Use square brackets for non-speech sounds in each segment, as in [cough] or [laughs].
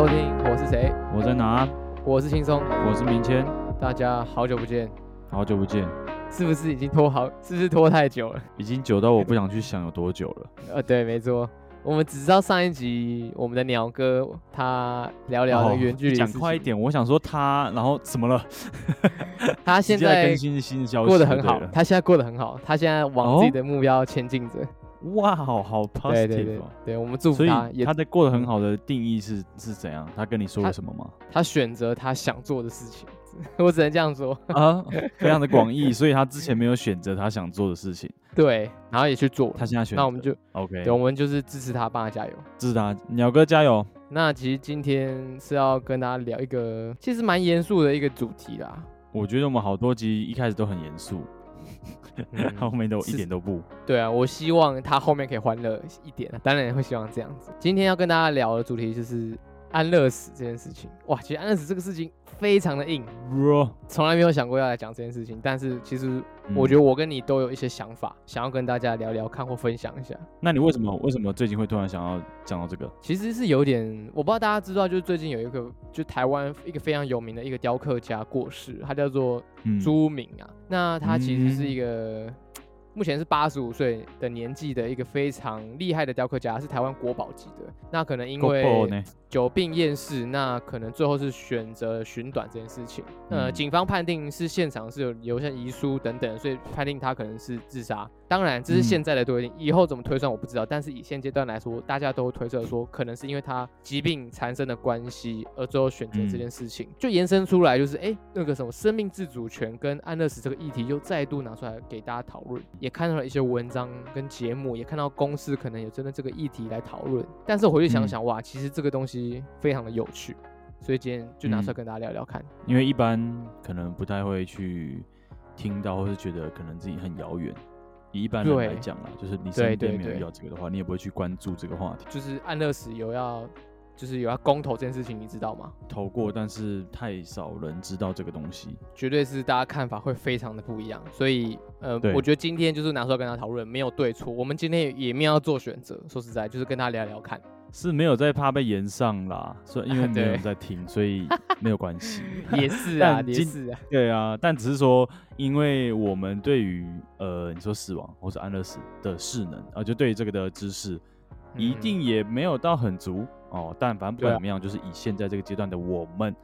收聽我是誰，我在哪，我是輕鬆，我是明謙，大家好久不見，好久不見，是不是已經拖好，是不是拖太久了？已經久到我不想去想有多久了。呃、嗯，對，沒錯，我們只知道上一集我們的鳥哥他聊聊的遠距離，講快一點，我想說他然後怎麼了？ [laughs] 他現在更新新的消息，過得很好。他現在過得很好，他現在往自己的目標前進着。哦哇，好、wow, 好 positive，對,對,對,對，我們祝福他。所以他的過得很好的定義是是怎樣？他跟你說過什麼嗎他？他選擇他想做的事情，我只能這樣說啊，非常的廣義。 [laughs] 所以他之前沒有選擇他想做的事情，對，然後也去做他現在選擇，那我們就 OK，對，我們就是支持他，幫他加油，支持他，鳥哥加油。那其實今天是要跟大家聊一個其實蠻嚴肅的一個主題啦。我覺得我們好多集一開始都很嚴肅。 [laughs] [laughs] 後面的我一點都不對啊！我希望他後面可以歡樂一點，當然也會希望這樣子。今天要跟大家聊的主題就是。安樂死這件事情，哇，其實安樂死這個事情非常的硬，Bro. 從來沒有想過要來講這件事情。但是其實我覺得我跟你都有一些想法，嗯、想要跟大家聊聊看或分享一下。那你為什麼為什麼最近會突然想要講到這個？其實是有點，我不知道大家知道，就是最近有一個就台灣一個非常有名的一個雕刻家過世，他叫做朱銘啊。嗯、那他其實是一個、嗯、目前是八十五歲的年紀的一個非常厲害的雕刻家，是台灣國寶級的。那可能因為。久病厭世，那可能最後是選擇尋短這件事情。嗯、呃，警方判定是現場是有留下遺書等等，所以判定他可能是自殺。當然，這是現在的推定，嗯、以後怎麼推算我不知道。但是以現階段來說，大家都推測說，可能是因為他疾病產生的關係而最後選擇這件事情，嗯、就延伸出來就是，哎、欸，那個什麼生命自主權跟安樂死這個議題又再度拿出來給大家討論。也看到了一些文章跟節目，也看到公視可能有針對這個議題來討論。但是我回去想想，嗯、哇，其實這個東西非常的有趣，所以今天就拿出來跟大家聊一聊看，嗯。因為一般可能不太會去聽到，或是覺得可能自己很遙遠，以一般人來講啊，對就是你身邊沒有這個的話，對對對，你也不會去關注這個話題。就是安樂死有要，就是有要公投這件事情，你知道嗎？投過，但是太少人知道這個東西，絕對是大家看法會非常的不一樣。所以呃，對我覺得今天就是拿出來跟大家討論，沒有對錯，我們今天也沒有做選擇。說實在，就是跟大家聊一聊看。是沒有在怕被炎上啦，所以因為沒有人在聽，啊、對所以沒有關係。 [laughs] 也是啊，今也是啊。對啊，但只是說，因為我們對於呃，你說死亡或者安樂死的勢能啊、呃，就對於這個的知識，一定也沒有到很足哦、呃。但反正不管怎麼樣，啊、就是以現在這個階段的我們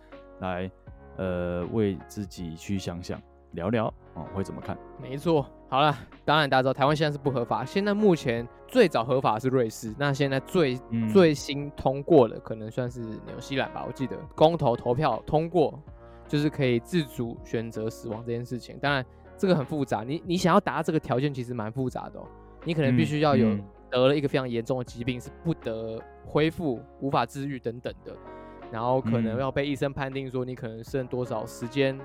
來呃，為自己去想想聊聊啊、呃，會怎麼看？沒錯。好了，當然大家知道台灣現在是不合法。現在目前最早合法的是瑞士，那現在最、嗯、最新通過的可能算是紐西蘭吧。我記得公投投票通過，就是可以自主選擇死亡這件事情。當然這個很複雜，你你想要達到這個條件其實蠻複雜的哦、喔。你可能必須要有、嗯嗯、得了一個非常嚴重的疾病是不得恢復、無法治癒等等的，然後可能要被醫生判定說你可能剩多少時間。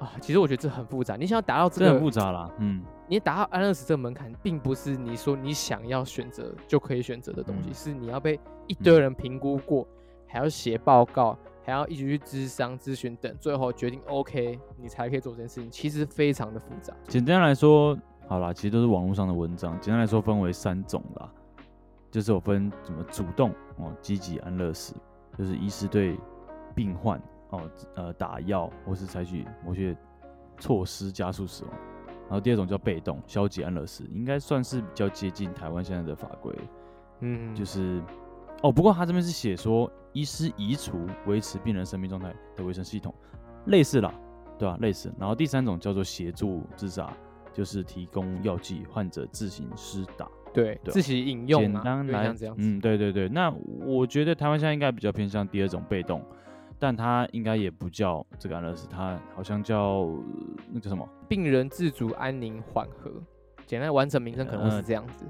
啊，其實我覺得這很複雜。你想要達到這個這很複雜啦。嗯，你達到安樂死這個門檻，並不是你說你想要選擇就可以選擇的東西，嗯、是你要被一堆人評估過，嗯、還要寫報告，還要一直去諮商、諮詢等，最後決定 OK，你才可以做這件事情。其實非常的複雜。簡單來說，好啦，其實都是網絡上的文章。簡單來說，分為三種啦，就是我分怎麼主動哦，積極安樂死，就是醫師對病患。哦，呃，打藥或是採取某些措施加速死亡，然後第二種叫被動消極安樂死，應該算是比較接近台灣現在的法規。嗯，嗯，就是哦，不過他這邊是寫說醫師移除維持病人生命狀態的維生系統，類似啦，對吧，啊？類似。然後第三種叫做協助自殺，就是提供藥劑，患者自行施打，對，對啊、自行飲用，簡單來講這樣子。嗯，對對對。那我覺得台灣現在應該比較偏向第二種被動。但他應該也不叫這個安樂死，他好像叫那叫什麼？病人自主安寧緩和，簡單完整名稱可能是這樣子，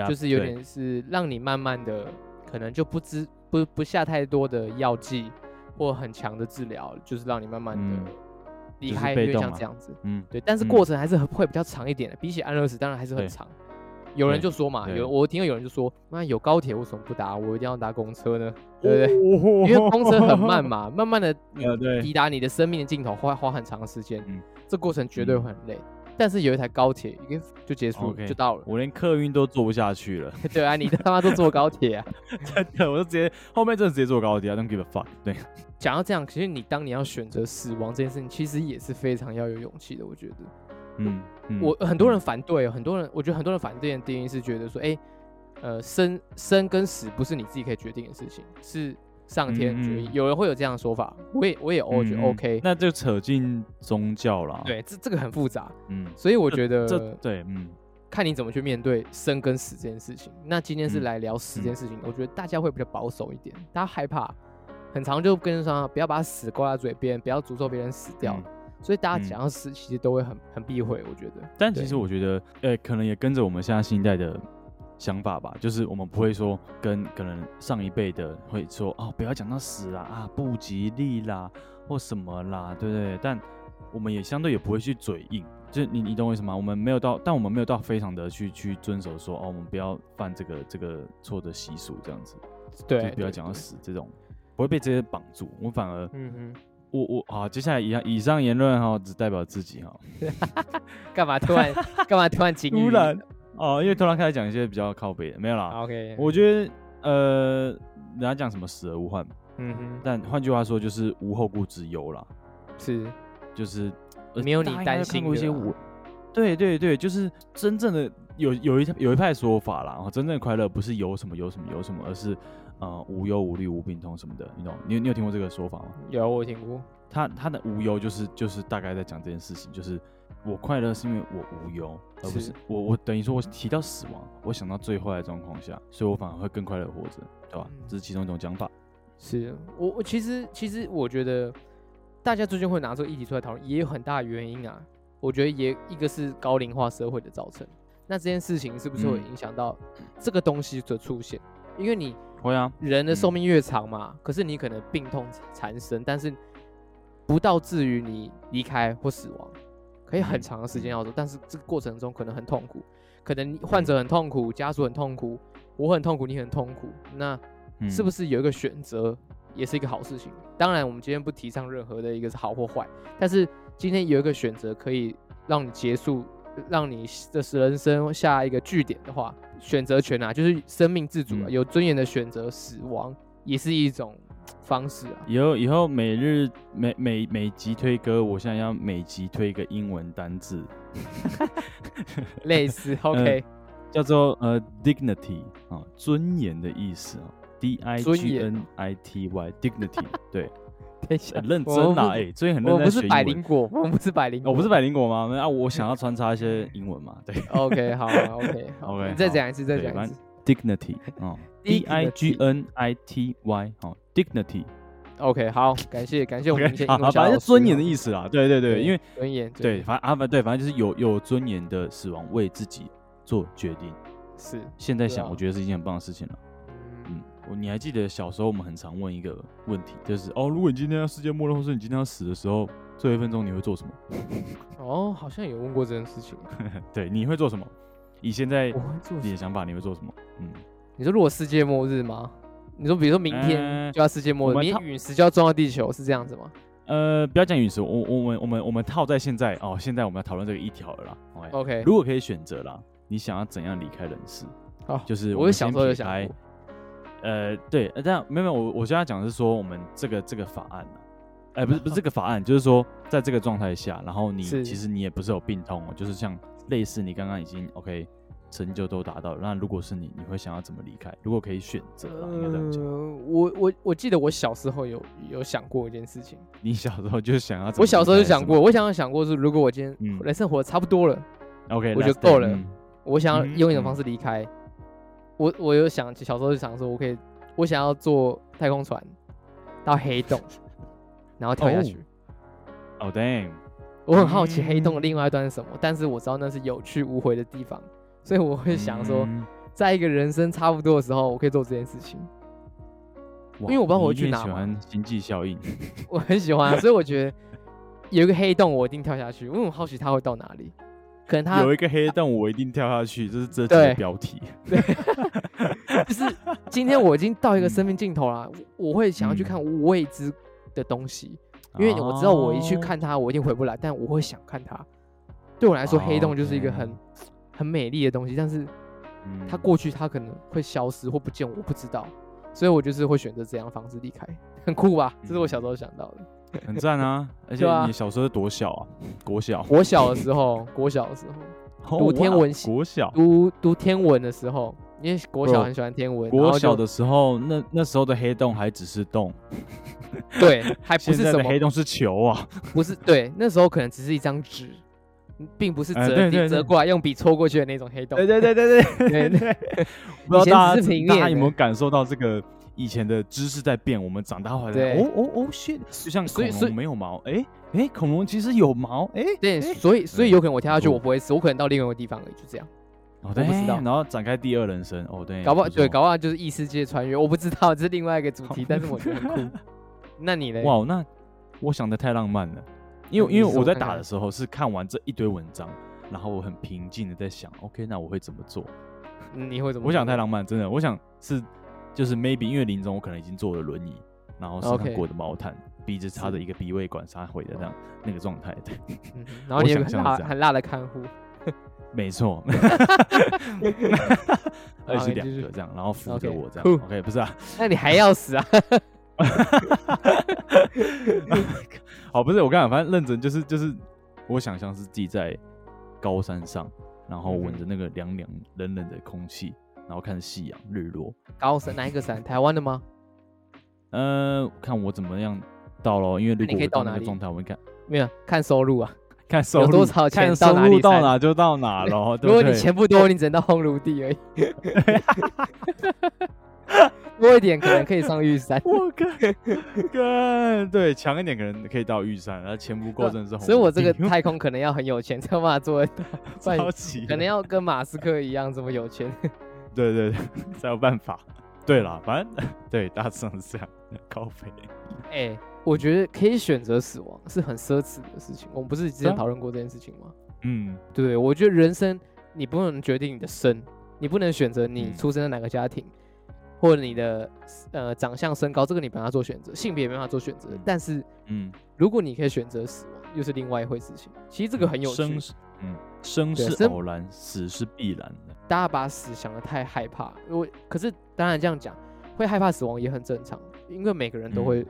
呃、就是有點是讓你慢慢的，嗯、可能就不知對不不下太多的藥劑或很強的治療，就是讓你慢慢的離開，就像這樣子。嗯，對，但是過程還是會比較長一點的，嗯、比起安樂死當然還是很長。有人就說嘛，有我聽到有人就說，那有高鐵為什麼不搭？我一定要搭公車呢？對不對？對？哦、因為公車很慢嘛，慢慢的呃對，抵達你的生命的盡頭花花很長時間，嗯，這過程絕對很累。嗯、但是有一台高鐵，已經就結束了 okay, 就到了。我連客運都坐不下去了。 [laughs] 對啊，你他媽都坐高鐵啊！ [laughs] 真的，我就直接後面真的直接坐高鐵啊，Don't give a fuck。對，講到這樣，其實你當你要選擇死亡這件事情，其實也是非常要有勇氣的，我覺得。嗯，嗯我，我很多人反對，嗯、很多人我覺得很多人反對的定義是覺得說，哎、欸，呃，生生跟死不是你自己可以決定的事情，是上天決定。嗯嗯有人會有這樣的說法，我也我也偶爾覺得、嗯、OK。那就扯進宗教了，對，這這個很複雜，嗯，所以我覺得，這這對，嗯，看你怎麼去面對生跟死這件事情。那今天是來聊死這件事情，嗯、我覺得大家會比較保守一點，嗯、大家害怕，很常就跟人說不要把死掛在嘴邊，不要詛咒別人死掉。嗯所以大家講到死，其實都會很、嗯、很避諱，我覺得。但其實我覺得，呃、對、欸，可能也跟着我們現在新一代的想法吧，就是我們不會說跟可能上一輩的會說哦，不要講到死啦啊，不吉利啦或什麼啦，對不對，對？但我們也相對也不會去嘴硬，就是你你懂我意思嗎？我們沒有到，但我們沒有到非常的去去遵守說哦，我們不要犯這個這個錯的習俗這樣子，對，不要講到死這種，對對對，不會被這些綁住，我們反而，嗯嗯。我我好，接下來以上以上言論哈，只代表自己哈。幹 [laughs] 嘛突然幹 [laughs] 嘛突然情緒？哦、啊，因為突然開始講一些比較靠北的，沒有啦 OK，我覺得呃，人家講什麼死而無憾，嗯哼，但換句話說就是無後顧之憂啦。是，就是沒有你擔心的。些對對對，就是真正的有有一有一派說法啦，哦，真正的快樂不是有什麼有什麼有什麼，而是。呃，無憂無慮、無病痛什麼的，你懂？你你有聽過這個說法嗎？有，我有聽過。他他的無憂就是就是大概在講這件事情，就是我快樂是因為我無憂，是而不是我我等於說，我提到死亡，嗯、我想到最壞的狀況下，所以我反而會更快樂活着，對吧？嗯、這是其中一種講法。是我我其實其實我覺得大家最近會拿這個議題出來討論，也有很大的原因啊。我覺得也一個是高齡化社會的造成，那這件事情是不是會影響到這個東西的出現？嗯、因為你。啊、人的壽命越長嘛，嗯、可是你可能病痛纏身，但是不到至於你離開或死亡，可以很長的時間要做，但是這個過程中可能很痛苦，可能患者很痛苦，家屬很痛苦，我很痛苦，你很痛苦，那是不是有一個選擇，也是一個好事情？嗯、當然，我們今天不提倡任何的一個是好或壞，但是今天有一個選擇可以讓你結束。讓你的人生下一個據點的話，選擇權啊，就是生命自主、啊，嗯、有尊嚴的選擇死亡也是一種方式、啊。以後以後，每日每每每集推歌，我想要每集推一個英文單字， [laughs] [laughs] 類似 OK，、呃、叫做呃 dignity 啊、哦，尊嚴的意思啊，D I G N I T Y，dignity 嚴對。 [laughs] 很認真啊，哎，最近很認真。我不是百靈果，我們不是百靈果。我不是百靈果嗎？啊，我想要穿插一些英文嘛，對。OK，好，OK，好。你再講一次，再講一次。Dignity，嗯，D I G N I T Y，好，Dignity。OK，好，感謝，感謝我們今天。啊，反正尊嚴的意思啦，對對對，因為尊嚴，對，反正啊，反正對，反正就是有有尊嚴的死亡，為自己做決定，是。現在想，我覺得是一件很棒的事情了。你還記得小時候我們很常問一個問題，就是哦，如果你今天要世界末日，或是你今天要死的時候，最後一分鐘你會做什麼？哦，好像有問過這件事情。 [laughs] 對，你會做什麼？以現在我會做你的想法，你會做什麼？嗯，你說如果世界末日嗎？你說，比如說明天就要世界末日，你、欸、明天隕石就要撞到地球，是這樣子嗎？呃，不要講隕石，我、我、我們，我們、我們、我們套在現在哦，現在我們要討論這個一條了啦。OK，, okay 如果可以選擇了，你想要怎樣離開人世？好，就是我會想說就。呃，對，這樣沒有沒有，我我現在講的是說，我們這個這個法案啊，哎、呃，不是不是這個法案，就是說，在這個狀態下，然後你是其實你也不是有病痛哦，就是像類似你剛剛已經 OK 成就都達到，那如果是你，你會想要怎麼離開？如果可以選擇、啊，應該這樣講？呃、我我我記得我小時候有有想過一件事情，你小時候就想要怎麼？我小時候就想過，我想要想過是，如果我今天人生活得差不多了，OK，、嗯、我就夠了，嗯、我想要用一種方式離開。嗯嗯嗯我我有想起小時候就想說，我可以，我想要坐太空船到黑洞，然後跳下去。哦、oh. oh, damn！我很好奇黑洞的另外一段是什麼，嗯、但是我知道那是有去無回的地方，所以我會想說，嗯、在一個人生差不多的時候，我可以做這件事情。哇因為我不知道我會去哪裡。你喜歡星際效應？ [laughs] 我很喜歡、啊，所以我覺得有一個黑洞，我一定跳下去，因為我很好奇它會到哪裡。可能他有一個黑洞，我一定跳下去，這、啊、是這期的標題。對， [laughs] [laughs] 就是今天我已經到一個生命盡頭了，嗯、我會想要去看未知的東西，嗯、因為我知道我一去看它，我一定回不來，但我會想看它。對我來說，哦、黑洞就是一個很、哦 okay、很美麗的東西，但是它過去它可能會消失或不見，我不知道，所以我就是會選擇這樣的方式離開，很酷吧？嗯、這是我小時候想到的。 [laughs] 很讚啊！而且你小時候是多小啊？國小吧，國小的時候，國小的時候 [laughs] 讀天文系，國小讀讀天文的時候，因為國小很喜歡天文。國小的時候，那那時候的黑洞還只是洞，對，還不是什麼黑洞是球啊，不是，對，那時候可能只是一張紙，並不是折折、欸、過來用筆戳過去的那種黑洞。對對對對對對 [laughs] 對。 [laughs] 不知道大家大家有沒有感受到這個？以前的知識在變，我們長大回來哦哦哦，shit 就像恐龍沒有毛，哎哎，恐龍其實有毛，哎對，所以所以有可能我跳下去我不會死，我可能到另外一個地方而已，就這樣，哦，對，不知道，然後展開第二人生，哦對，搞不好對搞不好就是異世界穿越，我不知道這是另外一個主題，但是我覺得那你咧哇，那我想的太浪漫了，因為因為我在打的時候是看完這一堆文章，然後我很平靜的在想，OK，那我會怎麼做？你會怎麼？我想太浪漫，真的，我想是。就是 maybe 因為臨終我可能已經坐了輪椅，然後蓋過的毛毯，Okay. 鼻子插着一個鼻胃管殺毀，插回的那樣那個狀態的。然後你也有個想有很很辣的看護，沒錯，而是兩個這樣，然後扶着我這樣。Okay. Cool. OK，不是啊，那你還要死啊？好，不是我剛才，反正認真就是就是我想象是自己在高山上，然後聞着那個涼涼冷冷的空氣。然後看夕陽日落，高山，哪一個山？台灣的嗎？嗯，看我怎麼樣到了，因為你可以到哪個狀態，我們看沒有看收入啊，看收入多少錢，到哪就到哪就到哪了。如果你錢不多，你只能到紅爐地而已。多一點可能可以上玉山，我看看對，強一點可能可以到玉山，然後錢不夠真的是。所以我這個太空可能要很有錢，才有辦法做到，可能要跟馬斯克一樣這麼有錢。對對對，才有辦法。對了，反正對，大致就是這樣。高飛，哎、欸，我覺得可以選擇死亡是很奢侈的事情。我們不是之前討論過這件事情嗎？啊、嗯，對，我覺得人生你不能決定你的生，你不能選擇你出生在哪個家庭，嗯、或者你的呃長相身高，這個你不能做選擇，性別也沒法做選擇。嗯、但是，嗯，如果你可以選擇死亡，又是另外一回事情。其實這個很有趣。嗯嗯，生是偶然，是死是必然的。大家把死想得太害怕，我可是當然這樣講，會害怕死亡也很正常，因為每個人都會、嗯、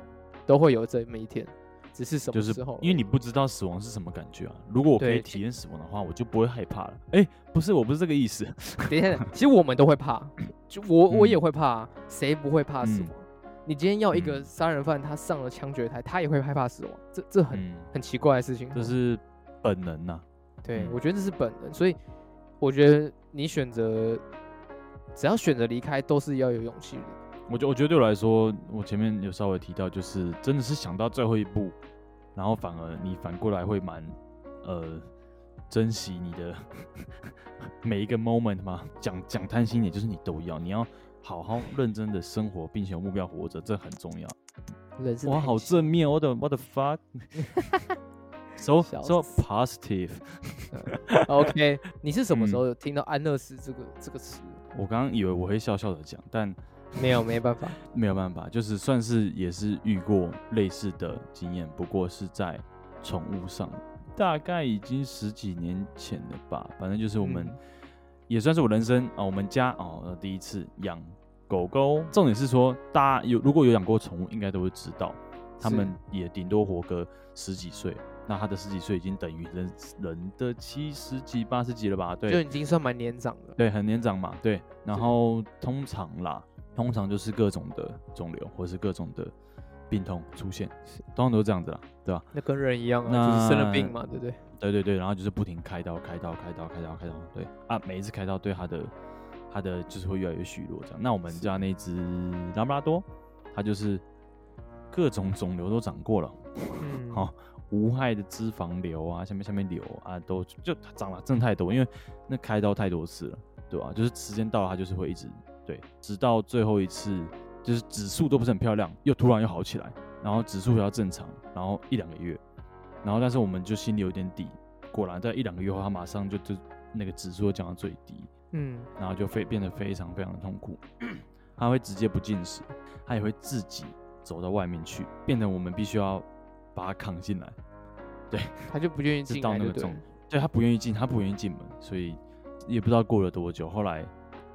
都會有這麼一天，只是什麼時候？因為你不知道死亡是什麼感覺啊。如果我可以體驗死亡的話，我就不會害怕了。哎對、欸，不是，我不是這個意思。等一下， [laughs] 其實我們都會怕，就我、嗯、我也會怕，誰不會怕死亡？嗯、你今天要一個殺人犯，他上了槍決台，他也會害怕死亡，這這很、嗯、很奇怪的事情。這是本能吶、啊。對，嗯、我覺得這是本能，所以我覺得你選擇，只要選擇離開，都是要有勇氣的。我覺我覺得對我來說，我前面有稍微提到，就是真的是想到最後一步，然後反而你反過來會蠻呃珍惜你的呵呵每一個 moment 嘛。講講貪心一點，就是你都要，你要好好認真的生活，並且有目標活着，這很重要。哇，好正面！What the, what the fuck。 [laughs] so, so positive，OK， [laughs] okay, 你是什麼時候有聽到“安樂死”這個 [laughs] 這個詞？我剛剛以為我會笑笑的講，但沒有，沒辦法， [laughs] 沒有辦法，就是算是也是遇過類似的經驗，不過是在寵物上，大概已經十幾年前了吧。反正就是我們、嗯、也算是我人生啊、哦，我們家哦第一次養狗狗，重點是說，大家有如果有養過寵物，應該都會知道，他們也頂多活個十幾歲。那他的十幾歲已經等於人，人的七十幾、八十幾了吧？對，就已經算蠻年長的。對，很年長嘛。對，然後對通常啦，通常就是各種的腫瘤或是各種的病痛出現，通常都是這樣子啦，對吧？那跟人一樣啊，那就是生了病嘛，對不對，對？對對對，然後就是不停開刀、開刀、開刀、開刀、開刀。對啊，每一次開刀，對他的他的就是會越來越虛弱這樣。那我們家那只拉布拉多，它就是。各種腫瘤都長過了，好、嗯哦、無害的脂肪瘤啊，下面下面瘤啊，都就長了，真的太多，因為那開刀太多次了，對吧？就是時間到了，它就是會一直對，直到最後一次，就是指數都不是很漂亮，又突然又好起來，然後指數要正常，嗯、然後一兩個月，然後但是我們就心裡有點底，果然在一兩個月後，他馬上就就那個指數降到最低，嗯、然後就非變得非常非常的痛苦，他、嗯、會直接不進食，他也會自己。走到外面去，變得我們必須要把它扛進來。對，他就不願意進，就 [laughs] 到那個種，對他不願意進，他不願意進門，所以也不知道過了多久。後來，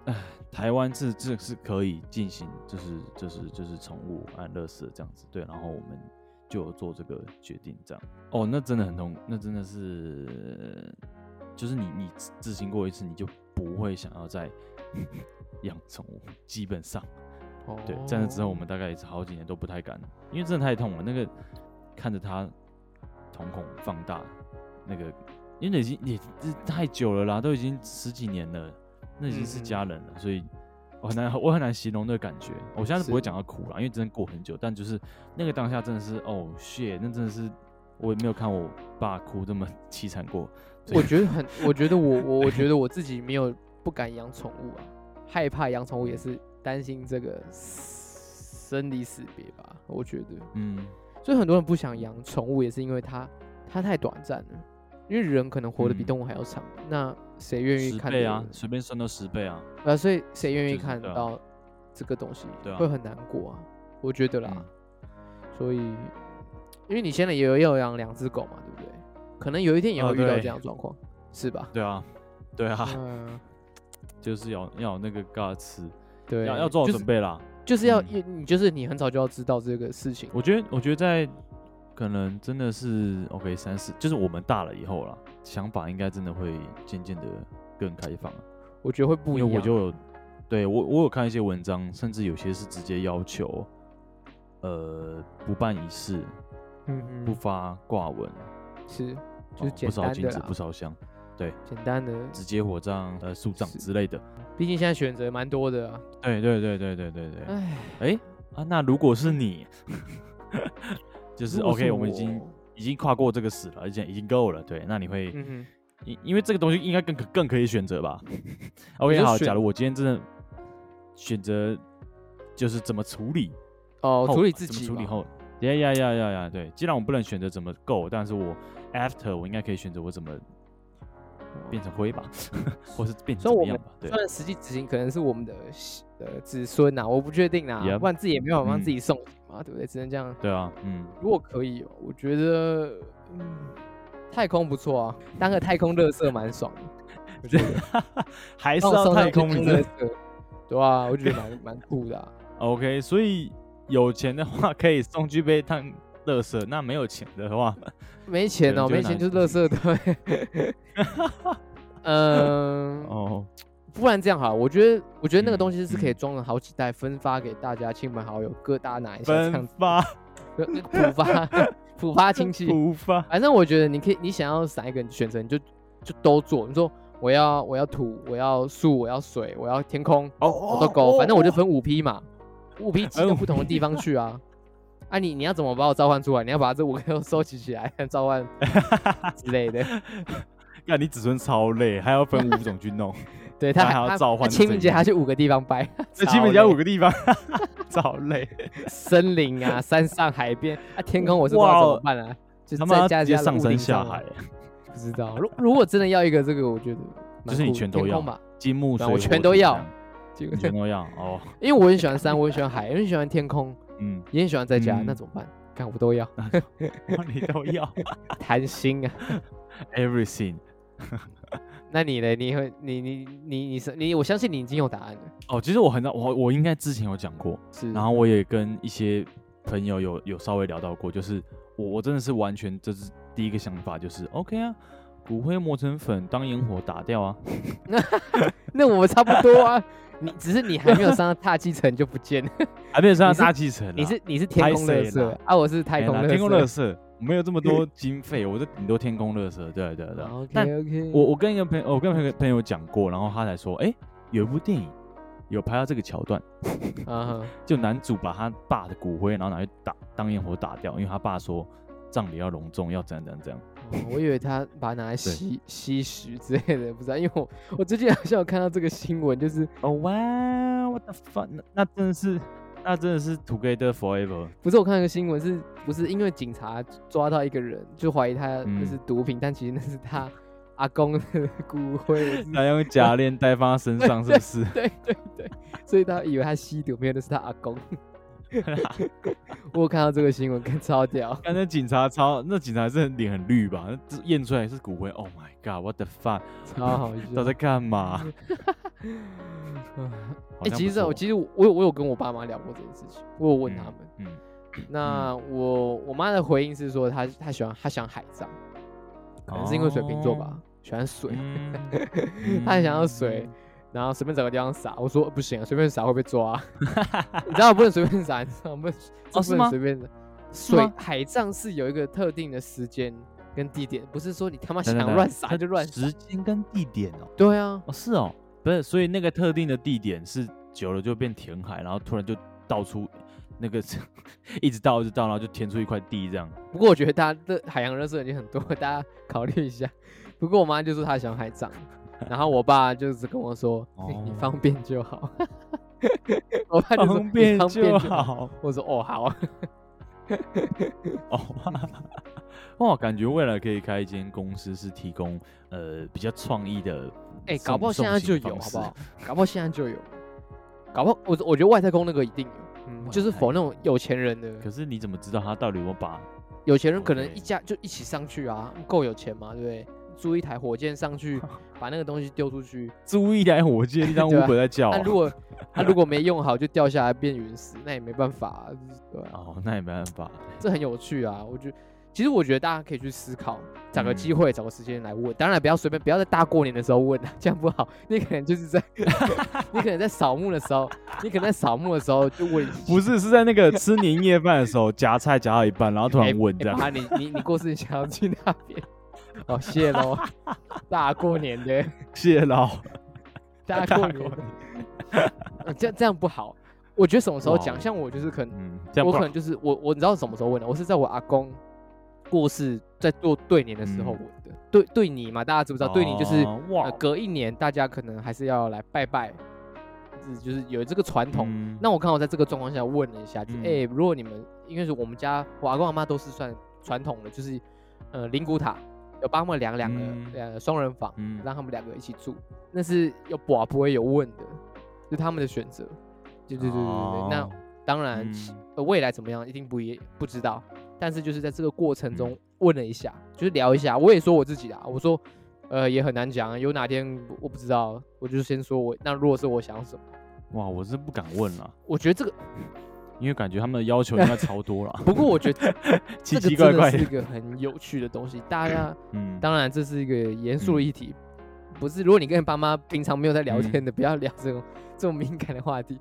哎，台灣是這、就是可以進行，就是就是就是寵物安樂死這樣子。對，然後我們就有做這個決定，這樣。哦、oh,，那真的很痛，那真的是，就是你你執行過一次，你就不會想要再養寵物， [laughs] 基本上。Oh. 對，在那之後，我們大概也是好幾年都不太敢，因為真的太痛了。那個看着他瞳孔放大，那個因為已經也是太久了啦，都已經十幾年了，那已經是家人了，嗯嗯，所以我很難，我很難形容那個感覺。我現在是不會講到哭了，是因為真的過很久，但就是那個當下真的是，哦，shit，那真的是我也沒有看我爸哭這麼淒慘過。我覺得很， [laughs] 我覺得我我我覺得我自己沒有不敢養寵物啊， [laughs] 害怕養寵物也是，擔心這個生離死別吧，我覺得，嗯，所以很多人不想養寵物，也是因為它它太短暫了，因為人可能活得比動物還要長，嗯、那誰願意看到？十倍啊，隨便算到十倍啊，啊，所以誰願意看到這個東西？對，啊對啊，會很難過啊，我覺得啦，嗯、所以，因為你現在也有要養兩隻狗嘛，對不對？可能有一天也會遇到這樣狀況，啊、是吧？對啊，對啊，嗯那，就是要要那個嘎吃。對，要做好準備啦，就是、就是要、嗯、你，就是你很早就要知道這個事情。我覺得，我覺得在可能真的是 OK，三四十就是我們大了以後了，想法應該真的會漸漸的更開放。我覺得會不一樣。因為我就有對我我有看一些文章，甚至有些是直接要求，呃，不辦儀式，嗯嗯，不發掛文，是就是哦、不燒金子，不燒香。對，簡單的直接火葬、呃樹葬之類的，畢竟現在選擇蠻多的啊。對對對對對對哎啊，那如果是你，就是 OK，我們已經已經跨過這個死了，已經已經夠了。對，那你會，因因為這個東西應該更更可以選擇吧？OK，好，假如我今天真的選擇，就是怎麼處理哦，處理自己，處理後？對呀呀呀呀，對，既然我不能選擇怎麼夠，但是我 after 我應該可以選擇我怎麼。變成灰吧，或是變成怎樣吧？對，雖然實際執行可能是我們的呃子孫吶，我不確定啊，不然自己也沒有辦法幫自己送嘛，對不對？只能這樣。對啊，嗯，如果可以，我覺得嗯，太空不錯啊，當個太空樂色蠻爽的。我覺得還是要太空樂色。對啊，我覺得蠻蠻酷的。OK，所以有錢的話可以送去杯湯。垃圾，那沒有錢的話，沒錢哦、喔，錢沒錢就是垃圾，對。嗯，哦，不然這樣好，我覺得，我覺得那個東西是可以裝了好幾袋，分發給大家親朋好友各拿一些，這樣子發普發，普發普發親戚，普發。反正我覺得你可以，你想要散一個選擇，你就就都做。你說我要我要土，我要樹，我要水，我要天空，我都勾。Go, oh. Oh. 反正我就分五批嘛，五批寄到不同的地方去啊。Oh. Oh. [laughs] 啊，你你要怎麼把我召喚出來？你要把這五個都收集起來，召喚之類的。那你子孫超累，還要分五種去弄。對，他還要召喚。清明節還去五個地方拜。清明節五個地方，超累。森林啊，山上海邊啊，天空我是不知道怎麼辦了。就是直接上山下海。不知道，如如果真的要一個這個，我覺得就是你全都要嘛。金木水火土我全都要。這個全都要哦，因為我很喜歡山，我很喜歡海，我很喜歡天空。嗯，也很喜歡在家，嗯、那怎麼辦？看我都要，我你都要，貪心啊，everything。 [laughs] 那你呢？你你你你你你？我相信你已經有答案了。哦，其實我很多，我我應該之前有講過，是。然後我也跟一些朋友有有稍微聊到過，就是我我真的是完全，這是第一個想法，就是 OK 啊，骨灰磨成粉當煙火打掉啊。 [laughs] [laughs] 那我們差不多啊。 [laughs] 你只是你還沒有上到大氣層就不見了， [laughs] 還沒有上到大氣層，你是你是，你是天空垃圾，抱歉啦啊，我是太空垃圾，天空垃圾 [laughs] 沒有這麼多經費，我這頂多天空垃圾，對對對。OK, okay. 我。我我跟一個朋我跟一個朋友講過，然後他才說，哎、欸，有一部電影有拍到這個橋段， [laughs] 就男主把他爸的骨灰，然後拿去打當煙火打掉，因為他爸說。葬禮要隆重，要這樣這樣，怎樣、哦、我以為他把它拿來吸 [laughs] 對吸食之類的，不知道。因為我我最近好像有看到這個新聞，就是哦哇我的 a t 那真的是，那真的是 together forever。不是，我看一個新聞，是不是因為警察抓到一個人，就懷疑他那是毒品，嗯、但其實那是他阿公的骨灰， [laughs] 他用假鏈帶放他身上，是不是？ [laughs] 對，對對對，所以他以為他吸毒，沒有，那是他阿公。 [laughs] [laughs] 我有看到這個新聞更超屌，但那警察超，那警察還是臉很綠吧？那驗出來是骨灰。Oh my god! What the fuck！他 [laughs] 在幹嘛？哎、 [laughs] [laughs] 欸，其實我其實我有我有跟我爸媽聊過這件事情，我有問他們。嗯嗯、那、嗯、我我媽的回應是說，她她喜歡她想海葬，可能是因為水瓶座吧，哦、喜歡水，她 [laughs] 很想要水。嗯嗯嗯然後隨便找個地方撒，我說、哦、不行，隨便撒會被抓、啊。 [laughs] [laughs] 你知道我不能隨便撒，你知道嗎？隨便撒，哦，是嗎？所以海葬是有一個特定的時間跟地點，是嗎不是說你他媽想亂撒就亂撒。時間跟地點哦。對啊、哦，是哦，不是，所以那個特定的地點是久了就變填海，然後突然就倒出那個， [laughs] 一直倒一直倒，然後就填出一塊地這樣。不過我覺得大家的海洋人識已經很多，大家考慮一下。不過我媽就是、說她喜歡海葬。然後我爸就是跟我說、oh. 欸：“你方便就好。 [laughs] ”我爸就說方便就好。就好”我說：“哦，好。”哇，哇，感覺未來可以開一間公司，是提供呃比較創意的。哎、欸，搞不好現在就有，好不好？搞不好現在就有， [laughs] 搞不好我我覺得外太空那個一定有， [laughs] 嗯、就是 for 那種有錢人的。可是你怎麼知道他到底有沒有把？有錢人可能一家就一起上去啊，夠 Okay. 有錢嘛，對不對？租一台火箭上去， [laughs] 把那個東西丟出去。租一台火箭讓烏龜在叫、啊。那、 [laughs] 啊啊、如果他、 [laughs] 啊、如果沒用好，就掉下來變隕石，那也沒辦法、啊，是是對哦、啊，oh, 那也沒辦法。這很有趣啊！我覺得，其實我覺得大家可以去思考，找個機會，找個時間來問。嗯、當然不要隨便，不要在大過年的時候問、啊，這樣不好。你可能就是在， [laughs] [laughs] 你可能在掃墓的時候， [laughs] 你可能在掃墓的時候就問。不是，是在那個吃年夜飯的時候，夾 [laughs] 菜夾到一半，然後突然問的。啊、欸欸，你你你，你過世時你想要去那邊？ [laughs] [laughs] 哦，謝嘍，大過年的，謝嘍，大過年， [laughs] 這樣這樣不好。我覺得什麼時候講，哇像我就是可能，嗯、我可能就是我我你知道什麼時候問的？我是在我阿公過世在做對年的時候問的。對、嗯、對，對你嘛，大家知不知道？哦、對，你就是哇、呃、隔一年，大家可能還是要來拜拜，就是有這個傳統。嗯、那我剛好在這個狀況下問了一下，就哎、嗯欸，如果你們因為是我們家我阿公阿媽都是算傳統的，就是呃靈骨塔。有幫他們兩兩個呃雙、嗯、人房，嗯、讓他們兩個一起住，那是有不不會有問的，是他們的選擇，對對對對對。哦、那當然，嗯、未來怎麼樣一定不也不知道，但是就是在這個過程中問了一下，嗯、就是聊一下，我也說我自己啊，我說，呃也很難講，有哪天我不知道，我就先說我那如果是我想什麼，哇，我是不敢問了，我覺得這個。嗯因為感覺他們的要求應該超多了， [laughs] 不過我覺得奇奇怪怪是一個很有趣的東西。奇奇怪怪大家概、嗯，嗯，當然這是一個嚴肅的議題，嗯、不是。如果你跟爸媽平常沒有在聊天的，嗯、不要聊這種這麼敏感的話題。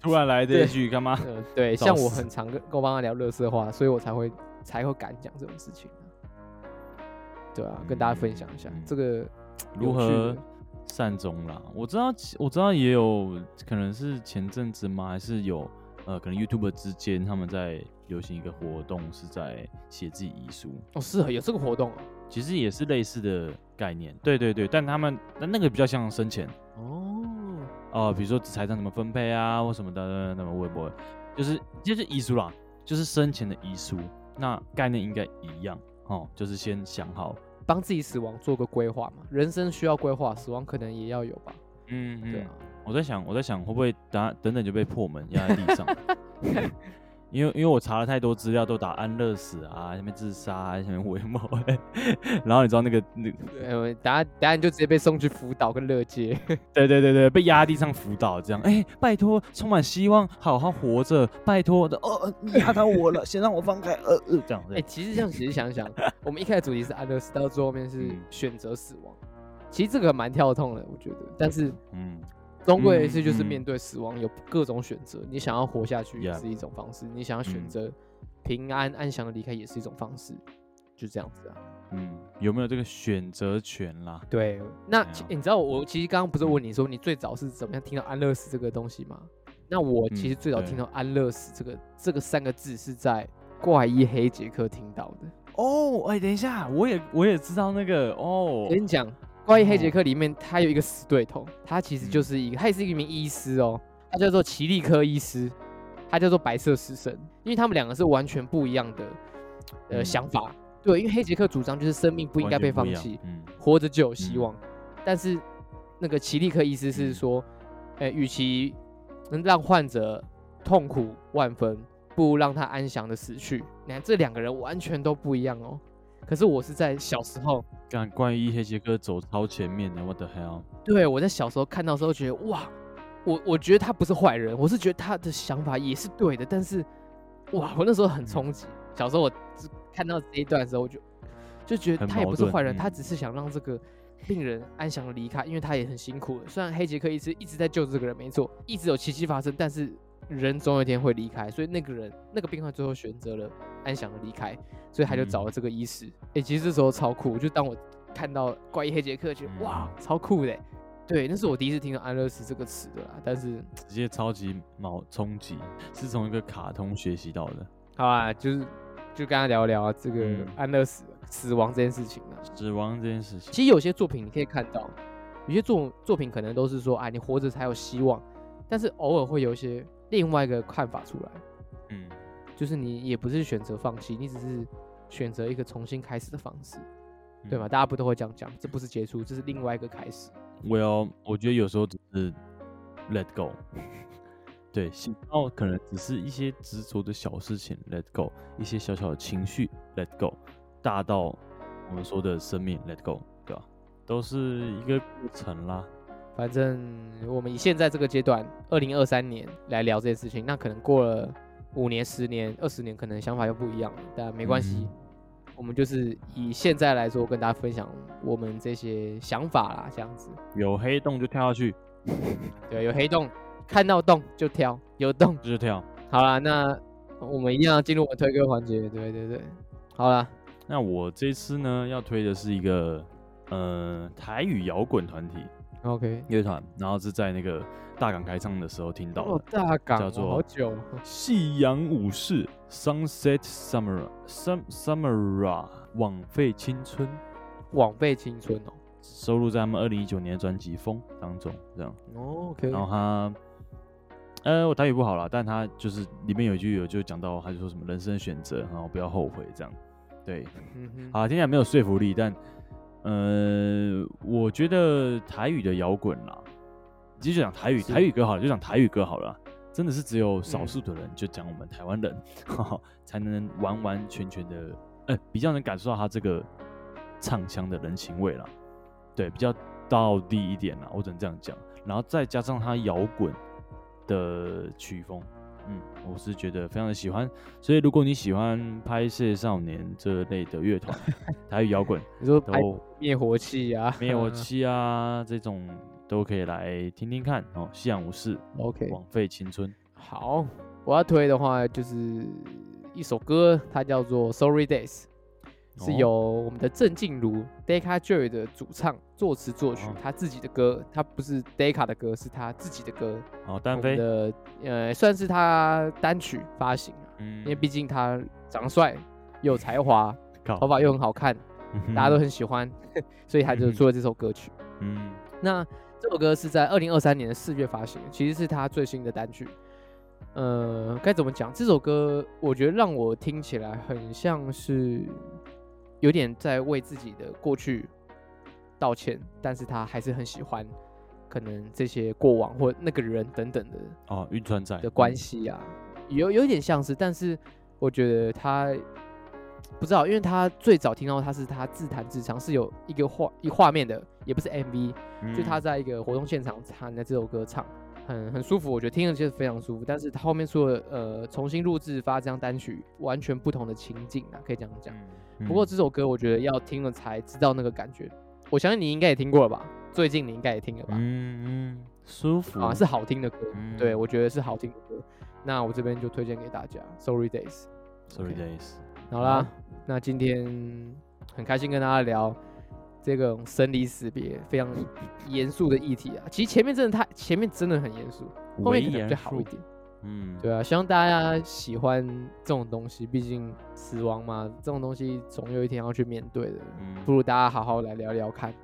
突然來的一句幹嘛？對，死像我很常跟，跟我爸媽聊垃圾話，所以我才會才會敢講這種事情。對啊，跟大家分享一下、嗯、這個如何善終啦。我知道，我知道也有可能是前陣子嗎？還是有。呃，可能 YouTuber 之間他們在流行一個活動，是在寫自己遺書。哦，是啊，有這個活動、啊，其實也是類似的概念。對對對，但他們但那個比較像生前。哦。哦、呃，比如說財產怎麼分配啊，或什麼的，那麼會不會就是就是遺書啦，就是生前的遺書，那概念應該一樣哦，就是先想好，幫自己死亡做個規劃嘛。人生需要規劃，死亡可能也要有吧。嗯對，嗯我在想，我在想會不會等下等等就被破門壓在地上， [laughs] 因為因為我查了太多資料，都打安樂死啊，什麼自殺、啊，什麼回眸， [laughs] 然後你知道那個那對。欸，等下等下你就直接被送去輔導跟樂街，對對對對，被壓地上輔導這樣，哎、欸，拜託，充滿希望，好好活着，拜託的，哦、喔，壓到我了， [laughs] 先讓我放開，呃呃，這樣，哎、欸，其實這樣其實想想， [laughs] 我們一開始主題是安樂死，到最後面是選擇死亡，嗯、其實這個蠻跳痛的，我覺得，吧但是，嗯。總歸一次就是面對死亡、嗯、有各種選擇，嗯、你想要活下去也是一種方式，嗯、你想要選擇平安安詳的離開也是一種方式，就是、這樣子啊。嗯，有沒有這個選擇權啦？對，那樣、欸、你知道我其實剛剛不是問你說、嗯、你最早是怎麼樣聽到安樂死這個東西嗎？那我其實最早聽到安樂死這個、嗯這個、這個三個字是在怪醫黑傑克聽到的。哦，哎、欸，等一下，我也我也知道那個哦，我跟你講。關於黑傑克裡面，他有一個死對頭，嗯、他其實就是一個，他也是一名醫師哦，他叫做奇力科醫師，他叫做白色死神，因為他們兩個是完全不一樣的、嗯、呃想法，對，因為黑傑克主張就是生命不應該被放棄，嗯、活着就有希望，嗯、但是那個奇力科醫師是說，嗯、誒，與其能讓患者痛苦萬分，不如讓他安詳的死去，你看這兩個人完全都不一樣哦。可是我是在小時候，幹關於黑傑克走超前面的，我的還要。對，我在小時候看到的時候覺得，哇，我我覺得他不是壞人，我是覺得他的想法也是對的，但是，哇，我那時候很衝擊。小時候我看到這一段的時候，就就覺得他也不是壞人，他只是想讓這個病人安詳的離開，因為他也很辛苦。雖然黑傑克一直一直在救這個人，沒錯，一直有奇蹟發生，但是。人總有一天會離開，所以那個人那個病患最後選擇了安詳的離開，所以他就找了這個醫師。誒、嗯欸，其實這時候超酷，就當我看到怪醫黑傑克，就、嗯啊、哇，超酷的。對，那是我第一次聽到“安樂死”這個詞的啦。但是直接超級毛衝擊，是從一個卡通學習到的。好啊，就是就跟他聊聊這個安樂死、嗯、死亡這件事情啊，死亡這件事情。其實有些作品你可以看到，有些作作品可能都是說，哎、啊，你活着才有希望，但是偶爾會有一些。另外一個看法出來，嗯，就是你也不是選擇放棄，你只是選擇一個重新開始的方式，嗯、對嗎？大家不都會這樣講，這不是結束，這是另外一個開始。Well，我覺得有時候只是 let go， [laughs] 對，然後可能只是一些執着的小事情 let go，一些小小的情緒 let go，大到我們說的生命 let go，對吧？都是一個過程啦。反正我們以現在這個階段，二零二三年來聊這件事情，那可能過了五年、十年、二十年，可能想法又不一樣了。但沒關係，嗯，我們就是以現在來說，跟大家分享我們這些想法啦，這樣子。有黑洞就跳下去。 [laughs] 對，有黑洞看到洞就跳，有洞就跳。好了，那我們一定要進入我們推歌環節。對對對，好了，那我這次呢要推的是一個呃台語搖滾團體。OK，樂團，然後是在那個大港開唱的時候聽到 summer、哦，大港叫做《夕陽武士》（Sunset Samurai，Sun Samurai，枉費青春，枉費青春哦，收錄在他們二零一九年的專輯《風》當中，這樣。哦、OK，然後他，呃，我台語不好了，但他就是裡面有一句有就講到，他就說什麼人生選擇，然後不要後悔，這樣。對，嗯、哼好，聽起來沒有說服力，但。呃，我覺得台語的搖滾啦，直接講台語是台語歌好了，就講台語歌好了啦，真的是只有少數的人，就講我們台灣人對呵呵，才能完完全全的，呃、欸，比較能感受到他這個唱腔的人情味了，對，比較到地一點了，我只能這樣講，然後再加上他搖滾的曲風。嗯，我是覺得非常的喜歡，所以如果你喜歡拍謝少年這類的樂團，還有搖滾，你說拍滅火器啊，滅火都器啊、嗯、這種都可以來聽聽看哦、喔。夕陽武士，OK，枉費青春。好，我要推的話就是一首歌，它叫做《Sorry Days》。是由我們的鄭敬儒、Deca Joy 的主唱、作詞、作曲，oh. 他自己的歌，他不是 Deca 的歌，是他自己的歌。哦，oh, 單飛的呃，算是他單曲發行了，嗯、因為畢竟他長帥、有才華、靠頭髮又很好看，大家都很喜歡，嗯、哼 [laughs] 所以他就做了這首歌曲。嗯哼，那這首歌是在二零二三年的四月發行，其實是他最新的單曲。呃，該怎麼講？這首歌我覺得讓我聽起來很像是。有點在為自己的過去道歉，但是他還是很喜歡，可能這些過往或那個人等等的啊，哦、暈船仔的關係啊，有有點像是，但是我覺得他不知道，因為他最早聽到他是他自彈自唱，是有一個畫一畫面的，也不是 MV，、嗯、就他在一個活動現場唱的這首歌唱很很舒服，我覺得聽了其實非常舒服，但是他後面說呃重新錄制發這張單曲，完全不同的情景啊，可以這樣講。不過這首歌我覺得要聽了才知道那個感覺，我相信你應該也聽過了吧？最近你應該也聽了吧？嗯嗯，舒服啊，是好聽的歌，嗯、對我覺得是好聽的歌。那我這邊就推薦給大家，Sorry Days，Sorry Days。Okay、Sorry Days 好啦，嗯、那今天很開心跟大家聊這個生離死別非常嚴肅的議題啊。其實前面真的太前面真的很嚴肅，後面可能就好一點。嗯，對啊，希望大家喜歡這種東西，畢竟死亡嘛，這種東西總有一天要去面對的。嗯，不如大家好好來聊聊看，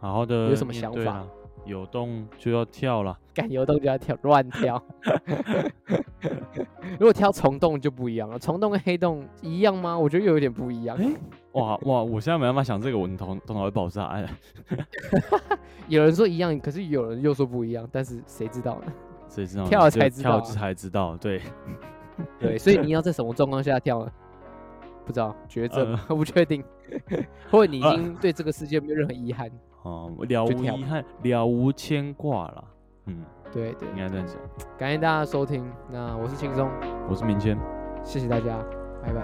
好好的有什麼想法？有洞就要跳了，敢有洞就要跳，亂跳。 [laughs] [laughs] [laughs] 如果跳蟲洞就不一樣了，蟲洞跟黑洞一樣嗎？我覺得又有點不一樣。 [laughs] 哇哇，我現在沒辦法想這個，我頭頭腦會爆炸啊。 [laughs] [laughs] 有人說一樣，可是有人又說不一樣，但是誰知道呢？所以知道跳了才知道，跳了才知道，對， [laughs] 對，所以你要在什麼狀況下跳呢？ [laughs] 不知道，抉擇，呃、不確確定， [laughs] 或者你已經對這個世界沒有任何遺憾，哦、呃呃，了無遺憾，了無牽掛了，嗯，對，對對，應該這樣講。感謝大家的收聽，那我是輕鬆，我是明謙，謝謝大家，拜拜，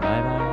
拜拜。